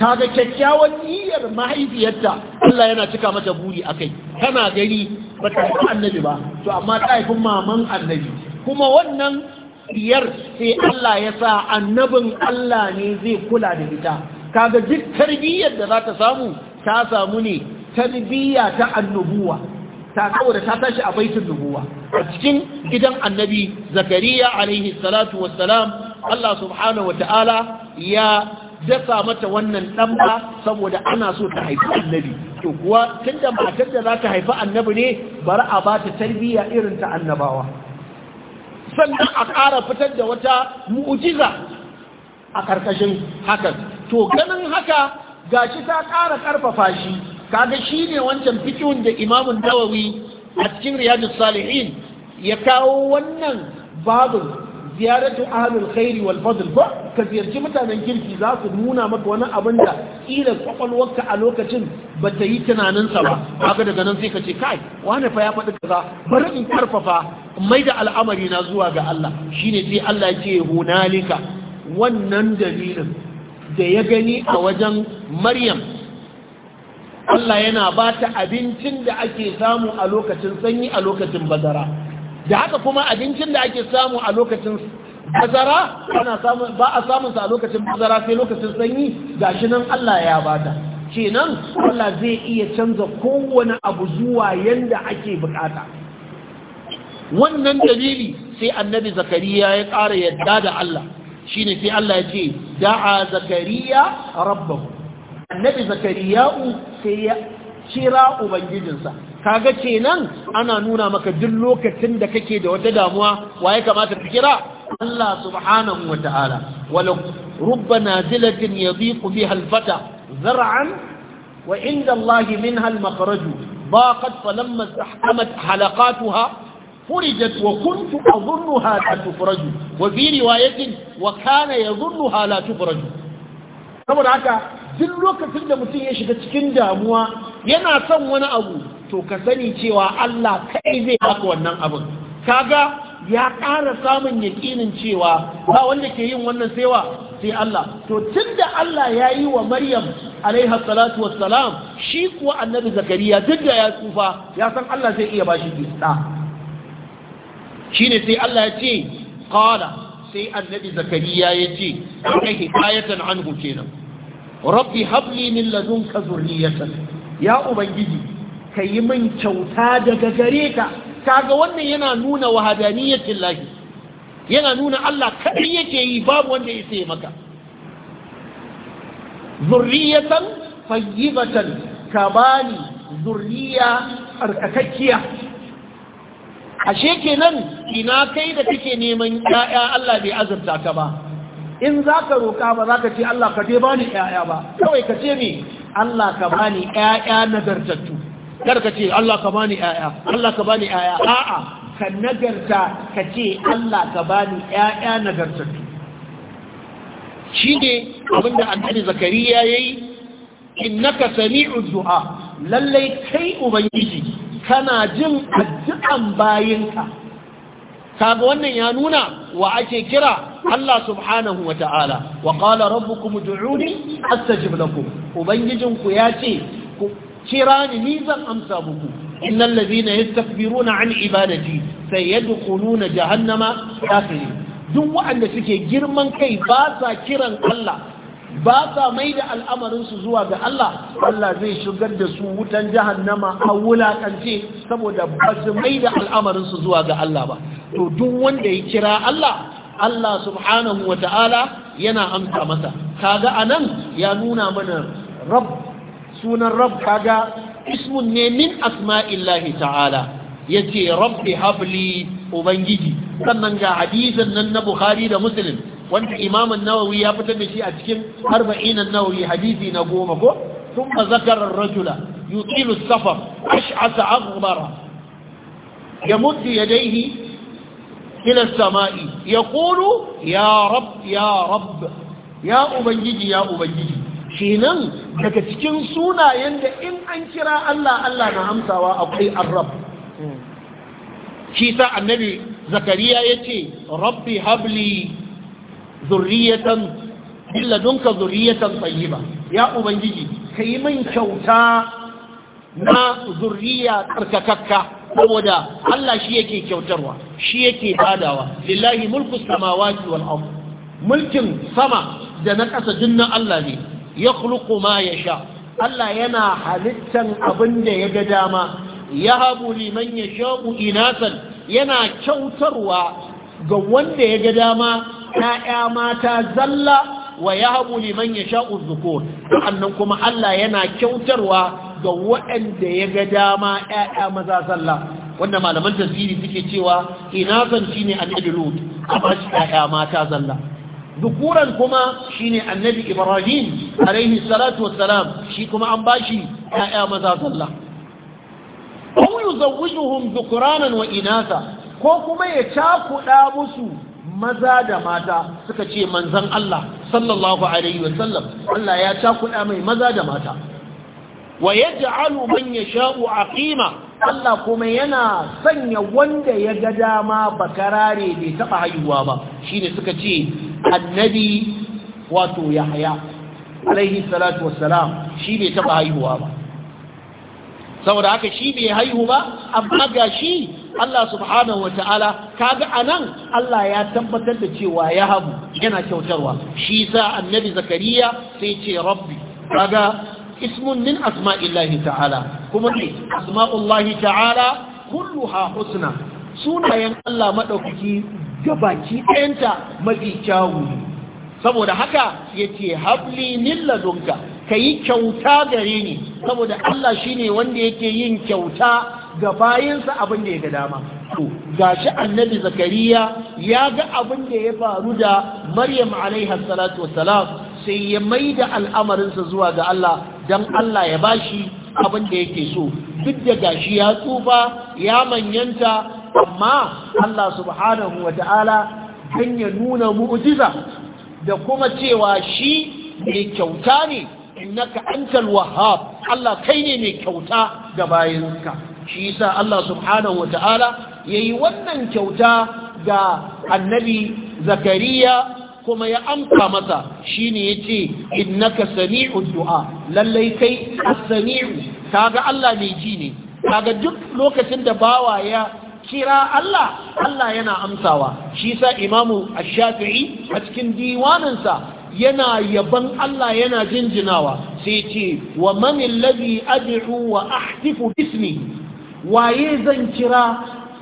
kaga kyakkyawan niyyar mahaifiyarta Allah yana cika mata buri a kai, tana gari ba ta haifi annabi ba to amma ta haifin maman annabi kuma wannan diyar sai Allah ya sa annabin Allah ne zai kula da ita kaga duk tarbiyyar da za ta samu ta samu ne tarbiyya ta annubuwa ta saboda ta tashi a baitin nubuwa a cikin gidan annabi zakariya alaihi salatu wassalam Allah subhanahu ta'ala ya dasa mata wannan dan saboda ana so ta haifi annabi to kuwa tunda matar da za ta haifi annabi ne bari a ba ta tarbiyya irin ta annabawa sannan a ƙara fitar da wata mu'ujiza a ƙarƙashin hakan to ganin haka shi ta ƙara ƙarfafa shi kaga shi ne wancan fikihun da imamun dawawi a cikin riyadus salihin ya kawo wannan babin ziyaratu ahlul khairi wal fadl ba ka ziyarci mutanen kirki za su nuna maka wani abin da kila kwakwalwarka a lokacin ba ta yi tunaninsa ba kaga daga nan sai ka ce kai wani fa ya faɗi kaza bari in karfafa mai da al'amari na zuwa ga Allah shine sai Allah ce hunalika wannan dalilin da ya gani a wajen Maryam Allah yana ba ta abincin da ake samu a lokacin sanyi a lokacin bazara da haka kuma abincin da ake samu a lokacin bazara ba a samunsa a lokacin bazara sai lokacin sanyi gashi nan Allah ya ba ta kenan Allah zai iya canza kowane abu zuwa yanda ake bukata wannan dalili sai annabi zakariya ya ƙara yadda da Allah shine sai Allah ya ce da'a zakariya rabbahu annabi zakariya'u sai ya kira ubangijinsa kaga kenan ana nuna maka duk lokacin da kake da wata damuwa wa ya kamata ka kira Allah subhanahu ta'ala wala ya zilatin yadhiqu biha alfata zar'an wa inda Allah minha almakhraju ضاقت فلما استحكمت حلقاتها فرجت وكنت أظنها لا تفرج وفي رواية وكان يظنها لا تفرج saboda haka duk lokacin da mutum ya shiga cikin damuwa yana son wani abu to ka sani cewa Allah kai zai baka wannan abin kaga ya ƙara samun yaƙinin cewa ba wanda ke yin wannan saiwa sai Allah to tunda Allah ya yi wa Maryam alaiha salatu shi kuwa annabi zakariya duk da ya tsufa ya san Allah zai iya bashi shi ne sai Allah ya ce qala sai annabi zakariya ya ce kai hidayatan anhu kenan rabbi habli min ladunka zurriyatan ya ubangiji kayi min kyauta daga gare ka kaga wannan yana nuna wahadaniyyatin lahi yana nuna Allah kadai yake yi babu wanda ya sai maka zurriyatan ka bani zurriya arkakakkiya ashe kenan ina kai da kake neman ƴaƴa Allah bai azurta ka ba in zaka roka ba zaka ce Allah ka je bani ƴaƴa ba kawai ka ce me Allah ka bani ƴaƴa nagartattu kar ka ce Allah ka bani ƴaƴa Allah ka bani ƴaƴa a'a ka nagarta ka ce Allah ka bani ƴaƴa nagartattu shine abinda annabi zakariya yayi innaka sami'ud du'a lallai kai ubangiji kana jin addu'an bayinka kaga wannan ya nuna wa ake kira Allah subhanahu wa ta'ala wa qala rabbukum ud'uni astajib lakum ubangijinku ya ce ku kira ni nizan zan amsa muku innal ladhina yastakbiruna an ibadati sayadkhuluna jahannama dakhili duk waɗanda suke girman kai ba sa kiran Allah ba sa mai da al'amarinsu zuwa ga Allah Allah zai shigar da su wutan jahannama a wulakance saboda ba su mai da al'amarinsu zuwa ga Allah ba to duk wanda ya kira Allah Allah subhanahu wa ta'ala yana amsa masa kaga a nan ya nuna mana rab sunan rab kaga ismun ne min asma'illahi ta'ala yace Rabbe habli ubangiji sannan ga hadisin nan na bukhari da muslim wanda imam an-nawawi ya fitar da shi a cikin 40 an-nawawi hadisi na goma ko thumma zakara ar-rajula yutilu as-safar ash'asa aghbara yamuddu yadayhi ila as-sama'i yaqulu ya rab ya rab ya ubangiji ya ubangiji kenan daga cikin sunayen da in an kira Allah Allah na amsawa akwai ar-rab shi sa annabi zakariya yace rabbi habli zurriyatan billadunka zurriyatan tayyiba ya ubangiji kai min kyauta na zurriya tsarkakakka saboda Allah shi yake kyautarwa shi yake badawa lillahi mulku samawati wal ard mulkin sama da na ƙasa dinnan Allah ne ya khluqu ma yasha Allah yana halittan abin da ya ga dama ya habu liman yasha'u inasan yana kyautarwa ga wanda ya ga dama 'ya'ya mata zalla wa yahbu liman yasha'u dhukur annan kuma Allah yana kyautarwa ga waɗanda ya ga dama 'ya'ya maza zalla wanda malaman tafsiri suke cewa ina zan shine annabi Lut amma shi 'ya'ya mata zalla dukuran kuma shine annabi Ibrahim alaihi salatu wassalam shi kuma an bashi 'ya'ya maza zalla aw yuzawwijuhum dhukranan wa inatha ko kuma ya cakuda musu maza da mata suka ce manzan Allah sallallahu alaihi wasallam Allah ya cakuɗa mai maza da mata wa ya sha'u a aqima Allah kuma yana sanya wanda ya ga dama bakarare bai taɓa haihuwa ba ne suka ce annabi wato Yahya alaihi salatu shi bai taɓa haihuwa ba saboda haka shi bai haihu ba amma ga shi Allah subhanahu wata'ala kaga anan Allah ya tabbatar da cewa ya habu yana kyautarwa shi sa annabi zakariya sai ce rabbi kaga ismun min asma'illahi ta'ala kuma ne asma'ullahi ta'ala kulluha husna sunayen Allah madaukaki gabaki ɗayanta mafi kyawu saboda haka yace habli min ladunka ka yi kyauta gare ni saboda Allah shi ne wanda yake yin kyauta ga bayansa abin da ya ga dama to gashi annabi zakariya ya ga abin da ya faru da maryam alaiha salatu wassalam sai ya maida al'amarinsa zuwa ga Allah dan Allah ya bashi abin da yake so duk da gashi ya tsufa ya manyanta amma Allah subhanahu wata'ala dan ya nuna mu'jiza da kuma cewa shi mai kyauta ne innaka antal wahhab Allah kai ne mai kyauta ga bayinka shi sa Allah subhanahu wata'ala yayi wannan kyauta ga annabi zakariya kuma ya amsa masa ce, yace innaka sami'ud du'a lallai kai as-sami'u ga Allah mai ji ne ga duk lokacin da bawa ya kira Allah Allah yana amsawa shi sa imamu ash-shafi'i a cikin diwanansa yana yaban Allah yana jinjinawa sai ce wa man alladhi ad'u wa ahtifu bismi waye zan kira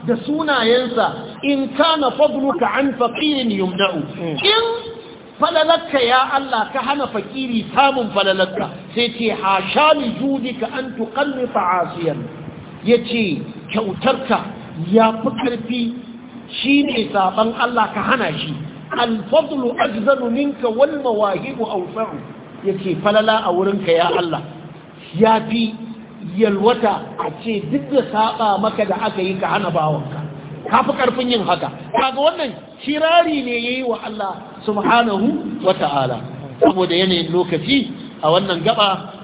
da sunayensa in kana fadluka an faqirin yumna'u in falalaka ya Allah ka hana fakiri samun falalaka sai ce hasha li judika an tuqallifa asiyan yace kyautarka ya fi karfi shine saban Allah ka hana shi al-fadlu ajzalu minka wal mawahibu awsa'u yace falala a wurinka ya Allah yafi yalwata a ce duk da saba maka da aka yi ka hana bawanka ka fi karfin yin haka kaga wannan shirari ne yayi wa Allah subhanahu wa ta'ala saboda yanayin lokaci a wannan gaba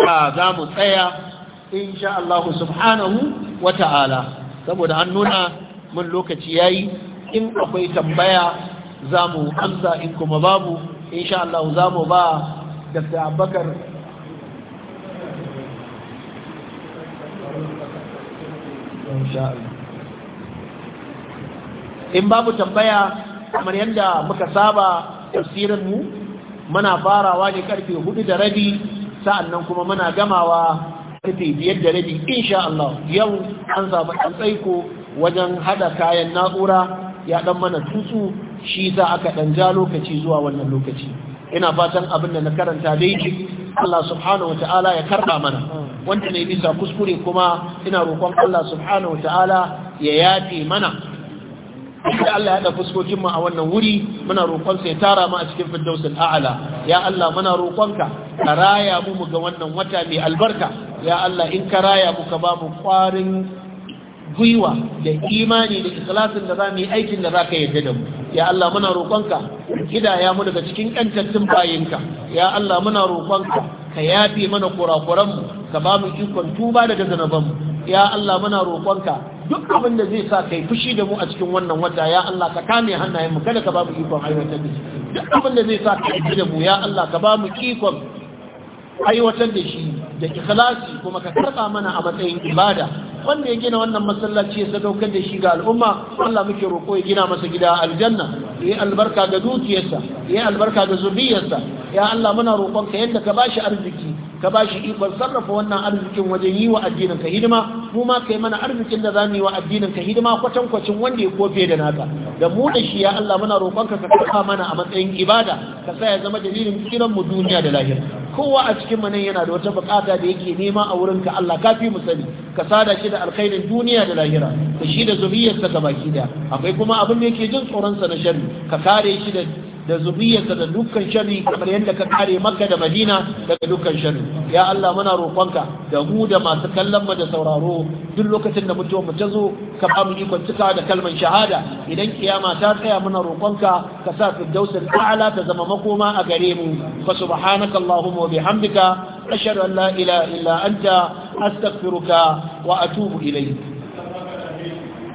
ba za mu tsaya insha Allah subhanahu wa ta'ala saboda an nuna mun lokaci yayi in akwai tambaya za mu amsa in kuma babu insha Allah za mu ba Dr. Abubakar insha Allah in babu tambaya kamar yadda muka saba tafsirin mu muna farawa ne karfe hudu da rabi sa'annan kuma muna gamawa karfe biyar da rabi insha Allah yau an zaba ɗan tsaiko wajen hada kayan na'ura ya ɗan mana tutsu shi za aka ɗan ja lokaci zuwa wannan lokaci ina fatan abin da na karanta daidai Allah subhanahu wa ta'ala ya karba mana wanda ne bisa kuskure kuma ina roƙon Allah subhanahu wa ta'ala ya yafe mana da Allah ya da fuskokin mu a wannan wuri muna roƙon sa ya tara mu a cikin firdausul a'la ya Allah muna roƙonka ka raya mu mu ga wannan wata mai albarka ya Allah in ka raya mu ka babu kwarin ƙwarin gwiwa da imani da ikhlasin da za mu yi aikin da za ka yarda da mu ya Allah muna roƙonka kidaya mu daga cikin ƙantattun bayinka ya Allah muna roƙonka ka yafe mana kurakuranmu ka ba mu ikon tuba daga zanabanmu ya Allah muna roƙonka duk abin da zai sa kai fushi da mu a cikin wannan wata ya Allah ka kame hannayenmu kada ka ba mu ikon aiwatar da duk abin da zai sa kai fushi da mu ya Allah ka ba mu ikon aiwatar da shi da ikhlasi kuma ka karɓa mana a matsayin ibada wanda ya gina wannan masallaci ya sadaukar da shi ga al'umma Allah muke roƙo ya gina masa gida aljanna ya yi albarka ga dukiyarsa ya yi albarka ga zuriyarsa ya Allah muna roƙon ka yadda ka bashi arziki ka ba shi ikon sarrafa wannan arzikin wajen yi wa addinin ka hidima mu ma kai mana arzikin da zamu yi wa addinin ka hidima kwatan kwacin wanda ya kofe da naka da mu da shi ya Allah muna roƙon ka ka kafa mana a matsayin ibada ka sa ya zama dalilin kiran mu duniya da lahira kowa a cikin mu nan yana da wata bukata da yake nema a wurin ka Allah kafi mu sani ka sada shi da alkhairin duniya da lahira ka shi da zuriyarsa baki daya akwai kuma abin da yake jin tsoron sa na sharri ka kare shi da da zuriyarka da dukkan sharri kamar yadda ka kare maka da madina daga dukkan sharri ya Allah muna roƙonka da mu da masu kallon mu da sauraro duk lokacin da mutuwar mu ta zo ka ba mu ikon cika da kalman shahada idan kiyama ta tsaya muna roƙonka ka sa firdausul a'la ta zama makoma a gare mu fa subhanaka allahumma wa bihamdika ashhadu an la ilaha illa anta astaghfiruka wa atubu ilayk